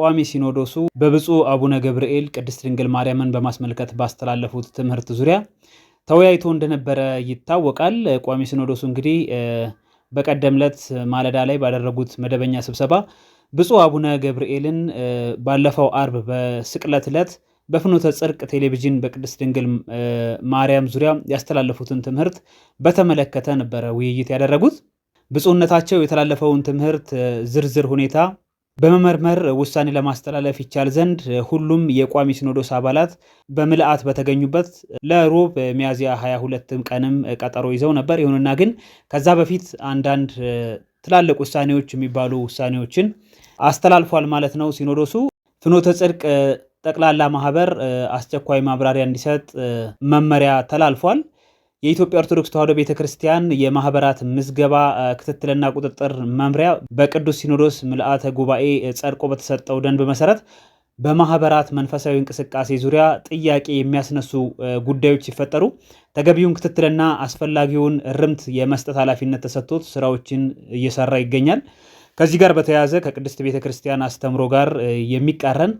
ቋሚ ሲኖዶሱ በብፁዕ አቡነ ገብርኤል ቅድስት ድንግል ማርያምን በማስመልከት ባስተላለፉት ትምህርት ዙሪያ ተወያይቶ እንደነበረ ይታወቃል። ቋሚ ሲኖዶሱ እንግዲህ በቀደም ዕለት ማለዳ ላይ ባደረጉት መደበኛ ስብሰባ ብፁዕ አቡነ ገብርኤልን ባለፈው አርብ በስቅለት ዕለት በፍኖተ ጽድቅ ቴሌቪዥን በቅድስት ድንግል ማርያም ዙሪያ ያስተላለፉትን ትምህርት በተመለከተ ነበረ ውይይት ያደረጉት። ብፁዕነታቸው የተላለፈውን ትምህርት ዝርዝር ሁኔታ በመመርመር ውሳኔ ለማስተላለፍ ይቻል ዘንድ ሁሉም የቋሚ ሲኖዶስ አባላት በምልአት በተገኙበት ለሮብ ሚያዝያ 22 ቀንም ቀጠሮ ይዘው ነበር። ይሁንና ግን ከዛ በፊት አንዳንድ ትላልቅ ውሳኔዎች የሚባሉ ውሳኔዎችን አስተላልፏል ማለት ነው። ሲኖዶሱ ፍኖተ ጽድቅ ጠቅላላ ማህበር አስቸኳይ ማብራሪያ እንዲሰጥ መመሪያ ተላልፏል። የኢትዮጵያ ኦርቶዶክስ ተዋሕዶ ቤተ ክርስቲያን የማህበራት ምዝገባ ክትትልና ቁጥጥር መምሪያ በቅዱስ ሲኖዶስ ምልአተ ጉባኤ ጸድቆ በተሰጠው ደንብ መሰረት በማህበራት መንፈሳዊ እንቅስቃሴ ዙሪያ ጥያቄ የሚያስነሱ ጉዳዮች ሲፈጠሩ ተገቢውን ክትትልና አስፈላጊውን እርምት የመስጠት ኃላፊነት ተሰጥቶት ስራዎችን እየሰራ ይገኛል። ከዚህ ጋር በተያያዘ ከቅድስት ቤተ ክርስቲያን አስተምሮ ጋር የሚቃረን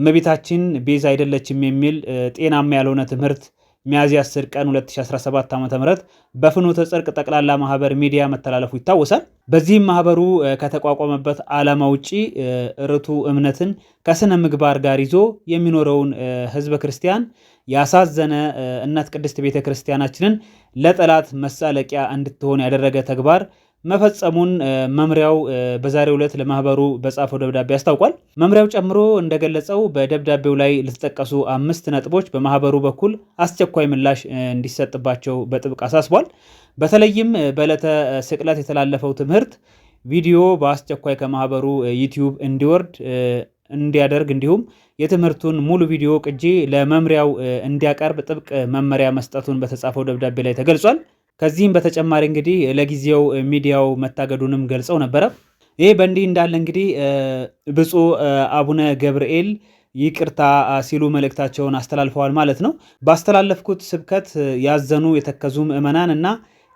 እመቤታችን ቤዛ አይደለችም የሚል ጤናማ ያልሆነ ትምህርት ሚያዝያ 10 ቀን 2017 ዓ.ም በፍኖተ ጽድቅ ጠቅላላ ማህበር ሚዲያ መተላለፉ ይታወሳል። በዚህም ማህበሩ ከተቋቋመበት ዓላማ ውጪ ርቱ እምነትን ከስነ ምግባር ጋር ይዞ የሚኖረውን ህዝበ ክርስቲያን ያሳዘነ እናት ቅድስት ቤተ ክርስቲያናችንን ለጠላት መሳለቂያ እንድትሆን ያደረገ ተግባር መፈጸሙን መምሪያው በዛሬው ዕለት ለማህበሩ በጻፈው ደብዳቤ አስታውቋል። መምሪያው ጨምሮ እንደገለጸው በደብዳቤው ላይ ለተጠቀሱ አምስት ነጥቦች በማህበሩ በኩል አስቸኳይ ምላሽ እንዲሰጥባቸው በጥብቅ አሳስቧል። በተለይም በዕለተ ስቅለት የተላለፈው ትምህርት ቪዲዮ በአስቸኳይ ከማህበሩ ዩቲዩብ እንዲወርድ እንዲያደርግ እንዲሁም የትምህርቱን ሙሉ ቪዲዮ ቅጂ ለመምሪያው እንዲያቀርብ ጥብቅ መመሪያ መስጠቱን በተጻፈው ደብዳቤ ላይ ተገልጿል። ከዚህም በተጨማሪ እንግዲህ ለጊዜው ሚዲያው መታገዱንም ገልጸው ነበረ። ይህ በእንዲህ እንዳለ እንግዲህ ብፁዕ አቡነ ገብርኤል ይቅርታ ሲሉ መልእክታቸውን አስተላልፈዋል ማለት ነው። ባስተላለፍኩት ስብከት ያዘኑ የተከዙ ምዕመናን እና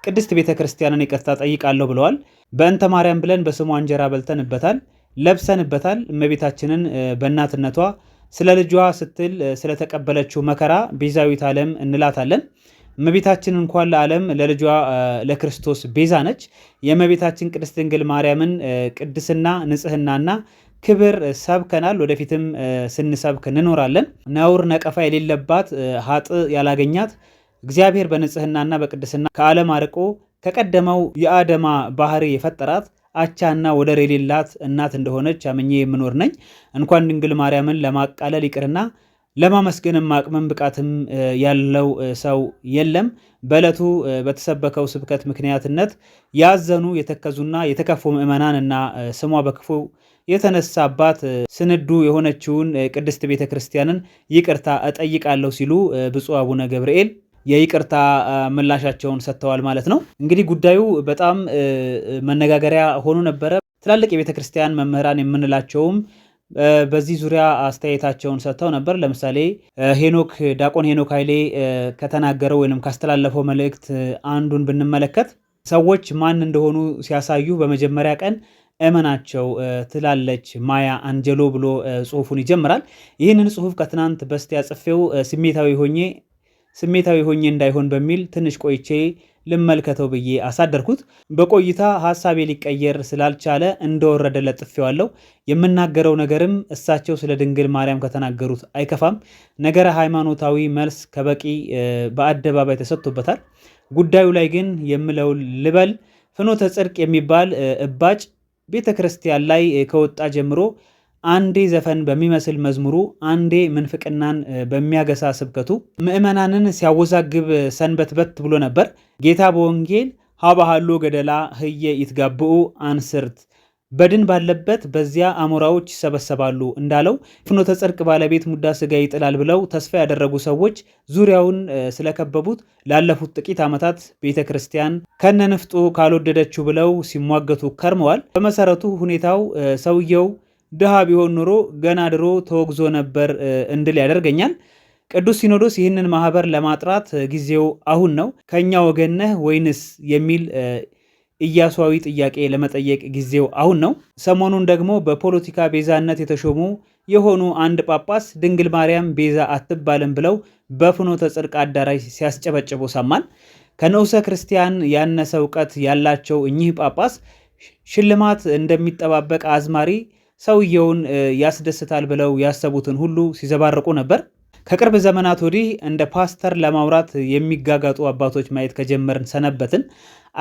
ቅድስት ቤተ ክርስቲያንን ይቅርታ ጠይቃለሁ ብለዋል። በእንተ ማርያም ብለን በስሟ እንጀራ በልተንበታል፣ ለብሰንበታል። እመቤታችንን በእናትነቷ ስለ ልጇ ስትል ስለተቀበለችው መከራ ቤዛዊት ዓለም እንላታለን። እመቤታችን እንኳን ለዓለም ለልጇ ለክርስቶስ ቤዛ ነች። የእመቤታችን ቅድስት ድንግል ማርያምን ቅድስና ንጽህናና ክብር ሰብከናል። ወደፊትም ስንሰብክ እንኖራለን። ነውር ነቀፋ የሌለባት ሀጥ ያላገኛት እግዚአብሔር በንጽህናና በቅድስና ከዓለም አርቆ ከቀደመው የአደማ ባህሪ የፈጠራት አቻና ወደር የሌላት እናት እንደሆነች አምኜ የምኖር ነኝ። እንኳን ድንግል ማርያምን ለማቃለል ይቅርና ለማመስገንም አቅምም ብቃትም ያለው ሰው የለም። በዕለቱ በተሰበከው ስብከት ምክንያትነት ያዘኑ የተከዙና የተከፉ እና ስሟ በክፉ የተነሳባት ስንዱ የሆነችውን ቅድስት ቤተ ክርስቲያንን ይቅርታ እጠይቃለሁ ሲሉ ብፁዕ አቡነ ገብርኤል የይቅርታ ምላሻቸውን ሰጥተዋል ማለት ነው። እንግዲህ ጉዳዩ በጣም መነጋገሪያ ሆኖ ነበረ። ትላልቅ የቤተ ክርስቲያን መምህራን የምንላቸውም በዚህ ዙሪያ አስተያየታቸውን ሰጥተው ነበር። ለምሳሌ ሄኖክ ዲያቆን ሄኖክ ኃይሌ ከተናገረው ወይም ካስተላለፈው መልእክት አንዱን ብንመለከት ሰዎች ማን እንደሆኑ ሲያሳዩ በመጀመሪያ ቀን እመናቸው ትላለች ማያ አንጀሎ ብሎ ጽሁፉን ይጀምራል። ይህንን ጽሁፍ ከትናንት በስቲያ ጽፌው ስሜታዊ ሆኜ ስሜታዊ ሆኜ እንዳይሆን በሚል ትንሽ ቆይቼ ልመልከተው ብዬ አሳደርኩት። በቆይታ ሀሳቤ ሊቀየር ስላልቻለ እንደወረደ ለጥፌዋለሁ። የምናገረው ነገርም እሳቸው ስለ ድንግል ማርያም ከተናገሩት አይከፋም። ነገረ ሃይማኖታዊ መልስ ከበቂ በአደባባይ ተሰጥቶበታል። ጉዳዩ ላይ ግን የምለው ልበል ፍኖተ ጽድቅ የሚባል እባጭ ቤተ ክርስቲያን ላይ ከወጣ ጀምሮ አንዴ ዘፈን በሚመስል መዝሙሩ አንዴ ምንፍቅናን በሚያገሳ ስብከቱ ምዕመናንን ሲያወዛግብ ሰንበት በት ብሎ ነበር። ጌታ በወንጌል ሀባሃሎ ገደላ ህየ ይትጋብኡ አንስርት በድን ባለበት በዚያ አሞራዎች ይሰበሰባሉ እንዳለው ፍኖተ ጽድቅ ባለቤት ሙዳ ስጋ ይጥላል ብለው ተስፋ ያደረጉ ሰዎች ዙሪያውን ስለከበቡት ላለፉት ጥቂት ዓመታት ቤተ ክርስቲያን ከነንፍጡ ካልወደደችው ብለው ሲሟገቱ ከርመዋል። በመሰረቱ ሁኔታው ሰውየው ድሃ ቢሆን ኑሮ ገና ድሮ ተወግዞ ነበር እንድል ያደርገኛል። ቅዱስ ሲኖዶስ ይህንን ማህበር ለማጥራት ጊዜው አሁን ነው። ከእኛ ወገን ነህ ወይንስ የሚል ኢያሱዋዊ ጥያቄ ለመጠየቅ ጊዜው አሁን ነው። ሰሞኑን ደግሞ በፖለቲካ ቤዛነት የተሾሙ የሆኑ አንድ ጳጳስ ድንግል ማርያም ቤዛ አትባልም ብለው በፍኖተ ጽድቅ አዳራሽ ሲያስጨበጭቡ ሰማን። ከንዑሰ ክርስቲያን ያነሰ እውቀት ያላቸው እኚህ ጳጳስ ሽልማት እንደሚጠባበቅ አዝማሪ ሰውየውን ያስደስታል ብለው ያሰቡትን ሁሉ ሲዘባርቁ ነበር። ከቅርብ ዘመናት ወዲህ እንደ ፓስተር ለማውራት የሚጋጋጡ አባቶች ማየት ከጀመርን ሰነበትን።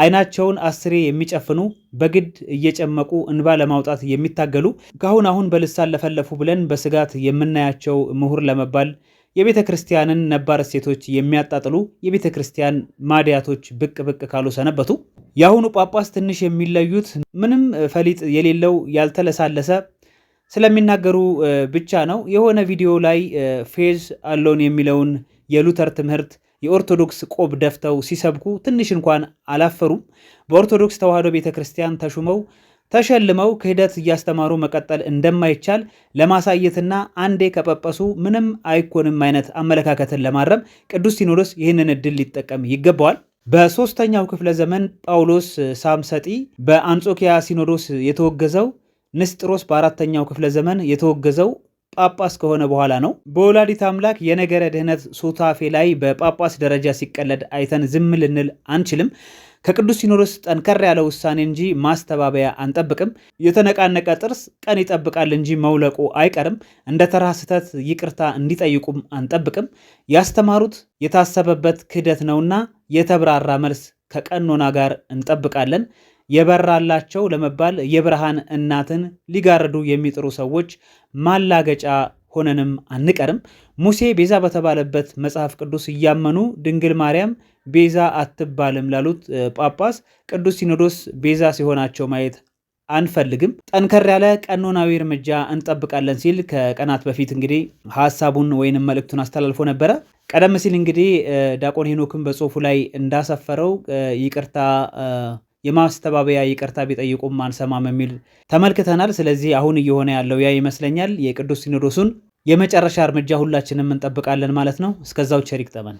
አይናቸውን አስሬ የሚጨፍኑ በግድ እየጨመቁ እንባ ለማውጣት የሚታገሉ ከአሁን አሁን በልሳን ለፈለፉ ብለን በስጋት የምናያቸው ምሁር ለመባል የቤተ ክርስቲያንን ነባር እሴቶች የሚያጣጥሉ የቤተ ክርስቲያን ማዲያቶች ብቅ ብቅ ካሉ ሰነበቱ። የአሁኑ ጳጳስ ትንሽ የሚለዩት ምንም ፈሊጥ የሌለው ያልተለሳለሰ ስለሚናገሩ ብቻ ነው። የሆነ ቪዲዮ ላይ ፌዝ አለውን የሚለውን የሉተር ትምህርት የኦርቶዶክስ ቆብ ደፍተው ሲሰብኩ ትንሽ እንኳን አላፈሩም። በኦርቶዶክስ ተዋሕዶ ቤተ ክርስቲያን ተሹመው ተሸልመው ክህደት እያስተማሩ መቀጠል እንደማይቻል ለማሳየትና አንዴ ከጳጳሱ ምንም አይኮንም አይነት አመለካከትን ለማረም ቅዱስ ሲኖዶስ ይህንን እድል ሊጠቀም ይገባዋል። በሦስተኛው ክፍለ ዘመን ጳውሎስ ሳምሰጢ በአንጾኪያ ሲኖዶስ የተወገዘው፣ ንስጥሮስ በአራተኛው ክፍለ ዘመን የተወገዘው ጳጳስ ከሆነ በኋላ ነው። በወላዲት አምላክ የነገረ ድህነት ሱታፌ ላይ በጳጳስ ደረጃ ሲቀለድ አይተን ዝም ልንል አንችልም። ከቅዱስ ሲኖዶስ ጠንከር ያለ ውሳኔ እንጂ ማስተባበያ አንጠብቅም። የተነቃነቀ ጥርስ ቀን ይጠብቃል እንጂ መውለቁ አይቀርም። እንደ ተራ ስህተት ይቅርታ እንዲጠይቁም አንጠብቅም። ያስተማሩት የታሰበበት ክህደት ነውና የተብራራ መልስ ከቀኖና ጋር እንጠብቃለን። የበራላቸው ለመባል የብርሃን እናትን ሊጋርዱ የሚጥሩ ሰዎች ማላገጫ ሆነንም አንቀርም። ሙሴ ቤዛ በተባለበት መጽሐፍ ቅዱስ እያመኑ ድንግል ማርያም ቤዛ አትባልም ላሉት ጳጳስ ቅዱስ ሲኖዶስ ቤዛ ሲሆናቸው ማየት አንፈልግም፣ ጠንከር ያለ ቀኖናዊ እርምጃ እንጠብቃለን ሲል ከቀናት በፊት እንግዲህ ሀሳቡን ወይንም መልእክቱን አስተላልፎ ነበረ። ቀደም ሲል እንግዲህ ዲያቆን ሄኖክን በጽሁፉ ላይ እንዳሰፈረው ይቅርታ የማስተባበያ ይቅርታ ቢጠይቁም አንሰማም የሚል ተመልክተናል። ስለዚህ አሁን እየሆነ ያለው ያ ይመስለኛል። የቅዱስ ሲኖዶሱን የመጨረሻ እርምጃ ሁላችንም እንጠብቃለን ማለት ነው። እስከዛው ቸር ይግጠመን።